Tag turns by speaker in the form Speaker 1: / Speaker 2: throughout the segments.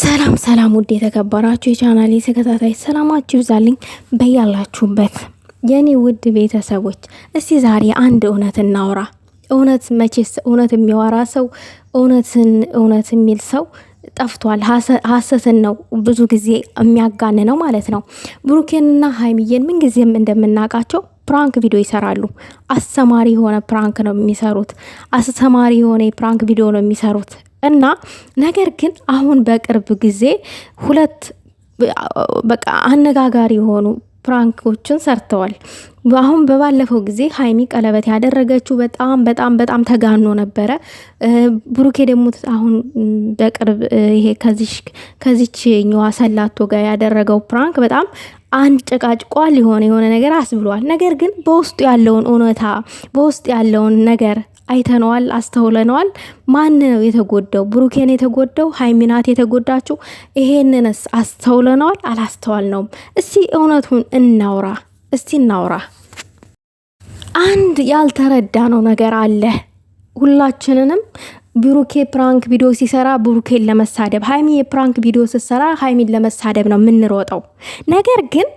Speaker 1: ሰላም ሰላም፣ ውድ የተከበራችሁ የቻናሌ ተከታታይ ሰላማችሁ ይብዛልኝ በያላችሁበት የኔ ውድ ቤተሰቦች። እስቲ ዛሬ አንድ እውነት እናውራ። እውነት መቼስ እውነት የሚወራ ሰው እውነትን እውነት የሚል ሰው ጠፍቷል። ሀሰትን ነው ብዙ ጊዜ የሚያጋንነው ማለት ነው። ብሩኬንና ሀይሚዬን ምንጊዜም እንደምናውቃቸው ፕራንክ ቪዲዮ ይሰራሉ። አስተማሪ የሆነ ፕራንክ ነው የሚሰሩት። አስተማሪ የሆነ የፕራንክ ቪዲዮ ነው የሚሰሩት። እና ነገር ግን አሁን በቅርብ ጊዜ ሁለት በቃ አነጋጋሪ የሆኑ ፕራንኮችን ሰርተዋል። አሁን በባለፈው ጊዜ ሀይሚ ቀለበት ያደረገችው በጣም በጣም በጣም ተጋኖ ነበረ። ብሩኬ ደግሞ አሁን በቅርብ ይሄ ከዚችኛዋ ሰላቶ ጋር ያደረገው ፕራንክ በጣም አንጨቃጭቋል። የሆነ የሆነ ነገር አስብሏል። ነገር ግን በውስጡ ያለውን እውነታ በውስጡ ያለውን ነገር አይተነዋል፣ አስተውለነዋል። ማን ነው የተጎዳው? ብሩኬን የተጎዳው ሀይሚናት የተጎዳችው። ይሄንንስ አስተውለነዋል አላስተዋልነውም? እስቲ እውነቱን እናውራ፣ እስቲ እናውራ። አንድ ያልተረዳ ነው ነገር አለ ሁላችንንም ብሩኬ ፕራንክ ቪዲዮ ሲሰራ ብሩኬን ለመሳደብ፣ ሀይሚ የፕራንክ ቪዲዮ ስትሰራ ሀይሚን ለመሳደብ ነው የምንሮጠው ነገር ግን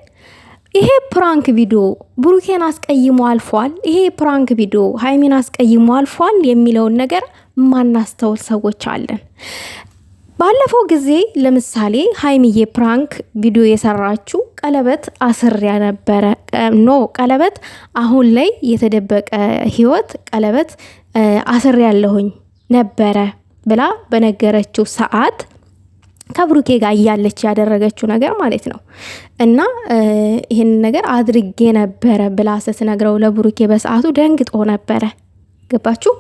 Speaker 1: ይሄ ፕራንክ ቪዲዮ ብሩኬን አስቀይሞ አልፏል፣ ይሄ ፕራንክ ቪዲዮ ሀይሜን አስቀይሞ አልፏል የሚለውን ነገር ማናስተውል ሰዎች አለን። ባለፈው ጊዜ ለምሳሌ ሀይሚዬ ፕራንክ ቪዲዮ የሰራችው ቀለበት አስሪያ ነበረ። ኖ ቀለበት አሁን ላይ የተደበቀ ህይወት ቀለበት አስሪያለሁኝ ነበረ ብላ በነገረችው ሰዓት ከብሩኬ ጋር እያለች ያደረገችው ነገር ማለት ነው። እና ይህን ነገር አድርጌ ነበረ ብላ ስትነግረው ለብሩኬ በሰዓቱ ደንግጦ ነበረ። ገባችሁ?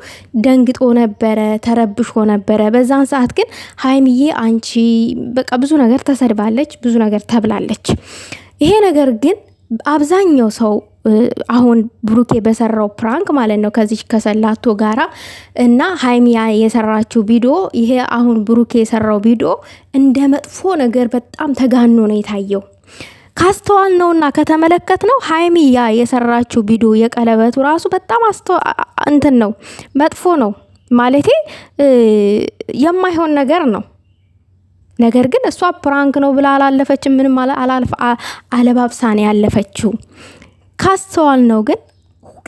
Speaker 1: ደንግጦ ነበረ፣ ተረብሾ ነበረ። በዛን ሰዓት ግን ሀይሚዬ አንቺ በቃ ብዙ ነገር ተሰድባለች፣ ብዙ ነገር ተብላለች። ይሄ ነገር ግን አብዛኛው ሰው አሁን ብሩኬ በሰራው ፕራንክ ማለት ነው ከዚች ከሰላቶ ጋራ እና ሀይሚያ የሰራችው ቪዲዮ ይሄ አሁን ብሩኬ የሰራው ቪዲዮ እንደ መጥፎ ነገር በጣም ተጋኖ ነው የታየው። ካስተዋል ነውና ከተመለከት ነው ሀይሚያ የሰራችው ቪዲዮ የቀለበቱ ራሱ በጣም እንትን ነው መጥፎ ነው ማለቴ የማይሆን ነገር ነው። ነገር ግን እሷ ፕራንክ ነው ብላ አላለፈችም። ምንም አለባብሳ ነው ያለፈችው። ካስተዋል ነው ግን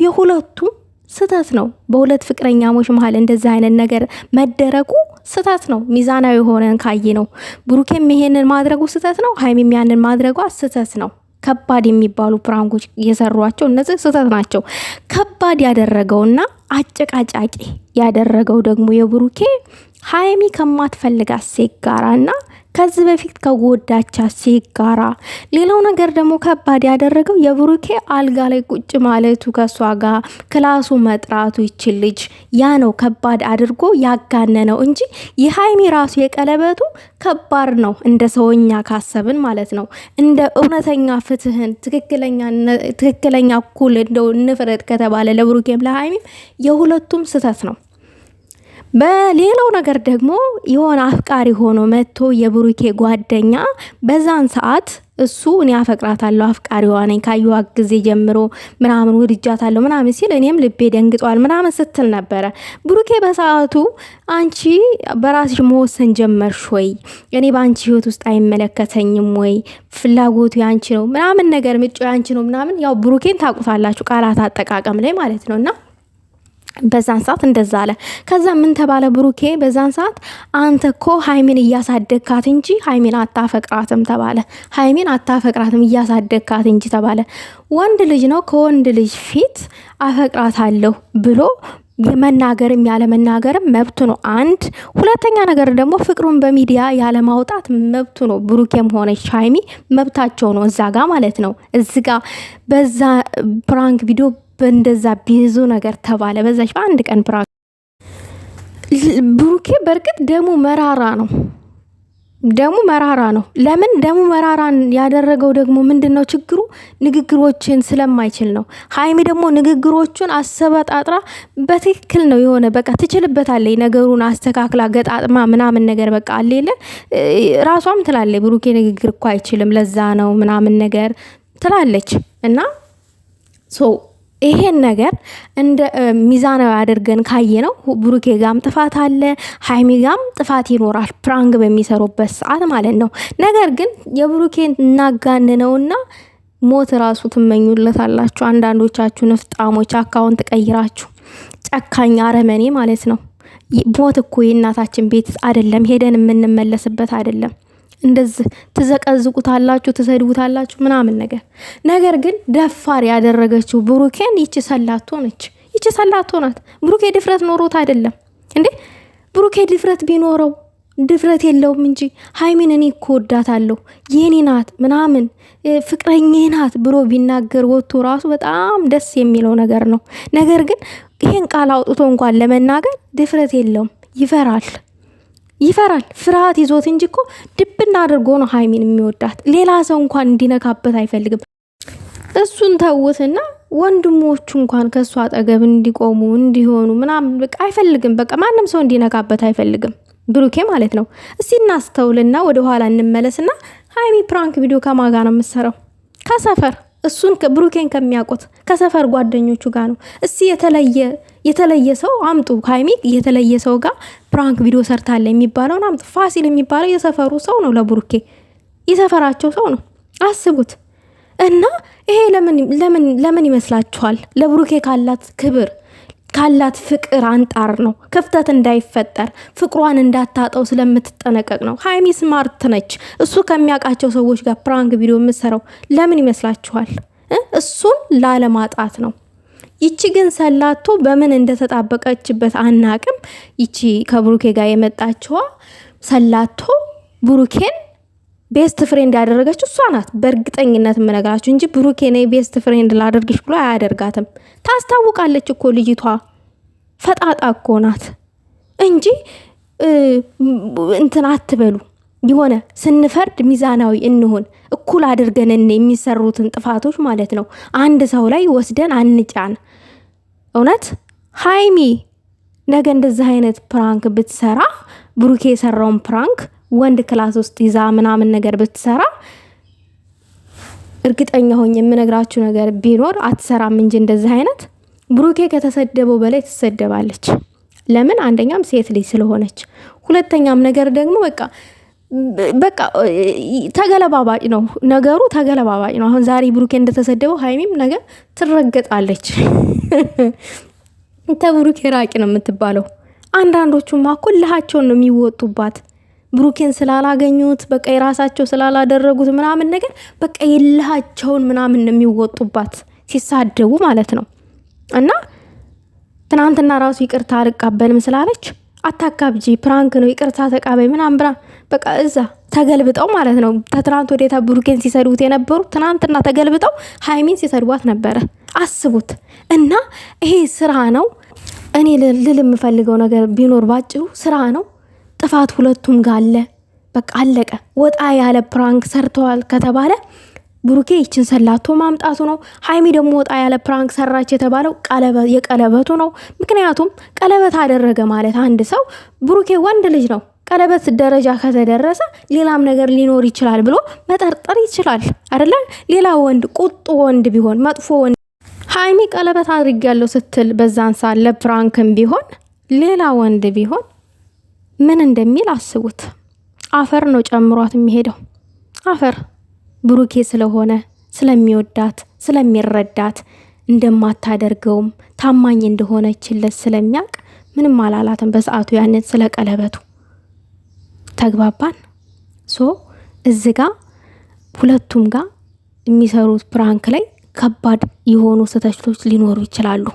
Speaker 1: የሁለቱም ስህተት ነው። በሁለት ፍቅረኛሞች መሀል እንደዚህ አይነት ነገር መደረጉ ስህተት ነው። ሚዛናዊ የሆነን ካየ ነው። ብሩኬም ይሄንን ማድረጉ ስህተት ነው። ሀይሚም ያንን ማድረጓ ስህተት ነው። ከባድ የሚባሉ ፕራንኮች የሰሯቸው እነዚህ ስህተት ናቸው። ከባድ ያደረገውና አጨቃጫቂ ያደረገው ደግሞ የብሩኬ ሀይሚ ከማትፈልጋት ሴት ጋራ እና ከዚህ በፊት ከጎዳቻት ሴት ጋራ። ሌላው ነገር ደግሞ ከባድ ያደረገው የብሩኬ አልጋ ላይ ቁጭ ማለቱ ከእሷ ጋር ክላሱ መጥራቱ ይችል ልጅ ያ ነው ከባድ አድርጎ ያጋነነው እንጂ የሀይሚ ራሱ የቀለበቱ ከባድ ነው። እንደ ሰውኛ ካሰብን ማለት ነው። እንደ እውነተኛ ፍትህን ትክክለኛ እኩል እንደው እንፍረድ ከተባለ ለብሩኬም ለሀይሚም የሁለቱም ስህተት ነው። በሌላው ነገር ደግሞ የሆነ አፍቃሪ ሆኖ መጥቶ የብሩኬ ጓደኛ በዛን ሰዓት እሱ እኔ አፈቅራታለሁ አፍቃሪዋ ነኝ ካየኋት ጊዜ ጀምሮ ምናምን ወድጃታለሁ ምናምን ሲል እኔም ልቤ ደንግጧል ምናምን ስትል ነበረ። ብሩኬ በሰዓቱ አንቺ በራስሽ መወሰን ጀመርሽ ወይ? እኔ በአንቺ ህይወት ውስጥ አይመለከተኝም ወይ? ፍላጎቱ ያንቺ ነው ምናምን ነገር ምጮ ያንቺ ነው ምናምን ያው ብሩኬን ታውቁታላችሁ ቃላት አጠቃቀም ላይ ማለት ነው እና በዛን ሰዓት እንደዛ አለ። ከዛ ምን ተባለ ብሩኬ በዛን ሰዓት አንተ እኮ ሀይሜን እያሳደግካት እንጂ ሀይሜን አታፈቅራትም ተባለ። ሀይሜን አታፈቅራትም እያሳደግካት እንጂ ተባለ። ወንድ ልጅ ነው ከወንድ ልጅ ፊት አፈቅራታለሁ ብሎ የመናገርም ያለ መናገርም መብቱ ነው። አንድ ሁለተኛ ነገር ደግሞ ፍቅሩን በሚዲያ ያለ ማውጣት መብቱ ነው። ብሩኬም ሆነች ሀይሚ መብታቸው ነው። እዛ ጋ ማለት ነው። እዚ ጋ በዛ ፕራንክ ቪዲዮ በእንደዛ ብዙ ነገር ተባለ። በዛች በአንድ ቀን ብራ ብሩኬ በእርግጥ ደሙ መራራ ነው። ደሙ መራራ ነው። ለምን ደሙ መራራን ያደረገው ደግሞ ምንድን ነው ችግሩ? ንግግሮችን ስለማይችል ነው። ሀይሚ ደግሞ ንግግሮቹን አሰበጣጥራ በትክክል ነው የሆነ በቃ ትችልበታለች። ነገሩን አስተካክላ ገጣጥማ ምናምን ነገር በቃ አሌለ ራሷም ትላለች ብሩኬ ንግግር እኮ አይችልም ለዛ ነው ምናምን ነገር ትላለች እና ይሄን ነገር እንደ ሚዛናዊ አድርገን ካየ ነው ብሩኬ ጋም ጥፋት አለ፣ ሀይሚ ጋም ጥፋት ይኖራል፣ ፕራንግ በሚሰሩበት ሰዓት ማለት ነው። ነገር ግን የብሩኬ እናጋንነውና ሞት ራሱ ትመኙለታላችሁ። አንዳንዶቻችሁ ንፍጣሞች አካውንት ቀይራችሁ ጨካኝ አረመኔ ማለት ነው። ሞት እኮ የእናታችን ቤት አይደለም፣ ሄደን የምንመለስበት አይደለም። እንደዚህ ትዘቀዝቁታላችሁ፣ ትሰድቡታላችሁ ምናምን ነገር። ነገር ግን ደፋር ያደረገችው ብሩኬን ይቺ ሰላቶ ነች። ይቺ ሰላቶ ናት። ብሩኬ ድፍረት ኖሮት አይደለም እንዴ? ብሩኬ ድፍረት ቢኖረው ድፍረት የለውም እንጂ ሀይሚን እኔ እኮ ወዳታለሁ የኔ ናት ምናምን ፍቅረኛ ናት ብሎ ቢናገር ወጥቶ ራሱ በጣም ደስ የሚለው ነገር ነው። ነገር ግን ይህን ቃል አውጥቶ እንኳን ለመናገር ድፍረት የለውም፣ ይፈራል። ይፈራል። ፍርሃት ይዞት እንጂ እኮ ድብና አድርጎ ነው ሀይሚን የሚወዳት። ሌላ ሰው እንኳን እንዲነካበት አይፈልግም። እሱን ተውትና ወንድሞቹ እንኳን ከእሱ አጠገብ እንዲቆሙ እንዲሆኑ ምናምን በቃ አይፈልግም። በቃ ማንም ሰው እንዲነካበት አይፈልግም፣ ብሩኬ ማለት ነው። እስቲ እናስተውልና ወደኋላ እንመለስና ሀይሚ ፕራንክ ቪዲዮ ከማጋ ነው የምትሰራው? ከሰፈር እሱን ብሩኬን ከሚያውቁት ከሰፈር ጓደኞቹ ጋር ነው። እስቲ የተለየ የተለየ ሰው አምጡ። ሀይሚ የተለየ ሰው ጋር ፕራንክ ቪዲዮ ሰርታለ የሚባለውን አምጡ። ፋሲል የሚባለው የሰፈሩ ሰው ነው፣ ለብሩኬ የሰፈራቸው ሰው ነው። አስቡት እና ይሄ ለምን ለምን ይመስላችኋል? ለብሩኬ ካላት ክብር ካላት ፍቅር አንጣር ነው። ክፍተት እንዳይፈጠር ፍቅሯን እንዳታጠው ስለምትጠነቀቅ ነው። ሀይሚ ስማርት ነች። እሱ ከሚያውቃቸው ሰዎች ጋር ፕራንክ ቪዲዮ የምትሰራው ለምን ይመስላችኋል? እሱን ላለማጣት ነው። ይቺ ግን ሰላቶ በምን እንደተጣበቀችበት አናቅም። ይቺ ከብሩኬ ጋር የመጣችዋ ሰላቶ ብሩኬን ቤስት ፍሬንድ ያደረገችው እሷ ናት። በእርግጠኝነት የምነግራችሁ እንጂ ብሩኬ እኔ ቤስት ፍሬንድ ላደርግሽ ብሎ አያደርጋትም። ታስታውቃለች እኮ ልጅቷ ፈጣጣ እኮ ናት እንጂ እንትን አትበሉ። የሆነ ስንፈርድ ሚዛናዊ እንሆን፣ እኩል አድርገን የሚሰሩትን ጥፋቶች ማለት ነው አንድ ሰው ላይ ወስደን አንጫን። እውነት ሀይሚ ነገ እንደዚህ አይነት ፕራንክ ብትሰራ ብሩኬ የሰራውን ፕራንክ ወንድ ክላስ ውስጥ ይዛ ምናምን ነገር ብትሰራ እርግጠኛ ሆኝ የምነግራችሁ ነገር ቢኖር አትሰራም እንጂ እንደዚህ አይነት ብሩኬ ከተሰደበው በላይ ትሰደባለች። ለምን? አንደኛም ሴት ልጅ ስለሆነች፣ ሁለተኛም ነገር ደግሞ በቃ በቃ ተገለባባጭ ነው ነገሩ፣ ተገለባባጭ ነው። አሁን ዛሬ ብሩኬ እንደተሰደበው ሀይሚም ነገር ትረገጣለች። ተብሩኬ ራቂ ነው የምትባለው። አንዳንዶቹማ እኮ ልሃቸውን ነው የሚወጡባት። ብሩኬን ስላላገኙት በቃ የራሳቸው ስላላደረጉት ምናምን ነገር በቃ የለሃቸውን ምናምን የሚወጡባት ሲሳደቡ ማለት ነው። እና ትናንትና ራሱ ይቅርታ አልቀበልም ስላለች አታካብጂ፣ ፕራንክ ነው ይቅርታ ተቃበይ ምናምን ብራ በቃ እዛ ተገልብጠው ማለት ነው። ተትናንት ወዴታ ብሩኬን ሲሰድቡት የነበሩ ትናንትና ተገልብጠው ሀይሚን ሲሰድቧት ነበረ። አስቡት። እና ይሄ ስራ ነው። እኔ ልል የምፈልገው ነገር ቢኖር ባጭሩ ስራ ነው። ጥፋት ሁለቱም ጋር አለ። በቃ አለቀ። ወጣ ያለ ፕራንክ ሰርተዋል ከተባለ ብሩኬ ይችን ሰላቶ ማምጣቱ ነው። ሀይሚ ደግሞ ወጣ ያለ ፕራንክ ሰራች የተባለው የቀለበቱ ነው። ምክንያቱም ቀለበት አደረገ ማለት አንድ ሰው ብሩኬ ወንድ ልጅ ነው፣ ቀለበት ደረጃ ከተደረሰ ሌላም ነገር ሊኖር ይችላል ብሎ መጠርጠር ይችላል አይደለ? ሌላ ወንድ ቁጡ ወንድ ቢሆን መጥፎ ወንድ ሀይሚ ቀለበት አድርጌያለሁ ስትል በዛን ሳለ ፕራንክም ቢሆን ሌላ ወንድ ቢሆን ምን እንደሚል አስቡት። አፈር ነው ጨምሯት የሚሄደው። አፈር ብሩኬ ስለሆነ ስለሚወዳት ስለሚረዳት እንደማታደርገውም ታማኝ እንደሆነችለት ስለሚያውቅ ምንም አላላትም። በሰዓቱ ያንን ስለ ቀለበቱ ተግባባን። ሶ እዚ ጋ ሁለቱም ጋ የሚሰሩት ፕራንክ ላይ ከባድ የሆኑ ስህተቶች ሊኖሩ ይችላሉ።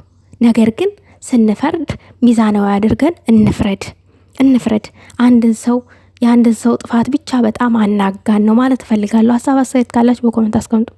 Speaker 1: ነገር ግን ስንፈርድ ሚዛናዊ አድርገን እንፍረድ። እንፍረድ። አንድን ሰው የአንድን ሰው ጥፋት ብቻ በጣም አናጋን ነው ማለት እፈልጋለሁ። ሀሳብ አስተያየት ካላችሁ በኮመንት አስቀምጡ።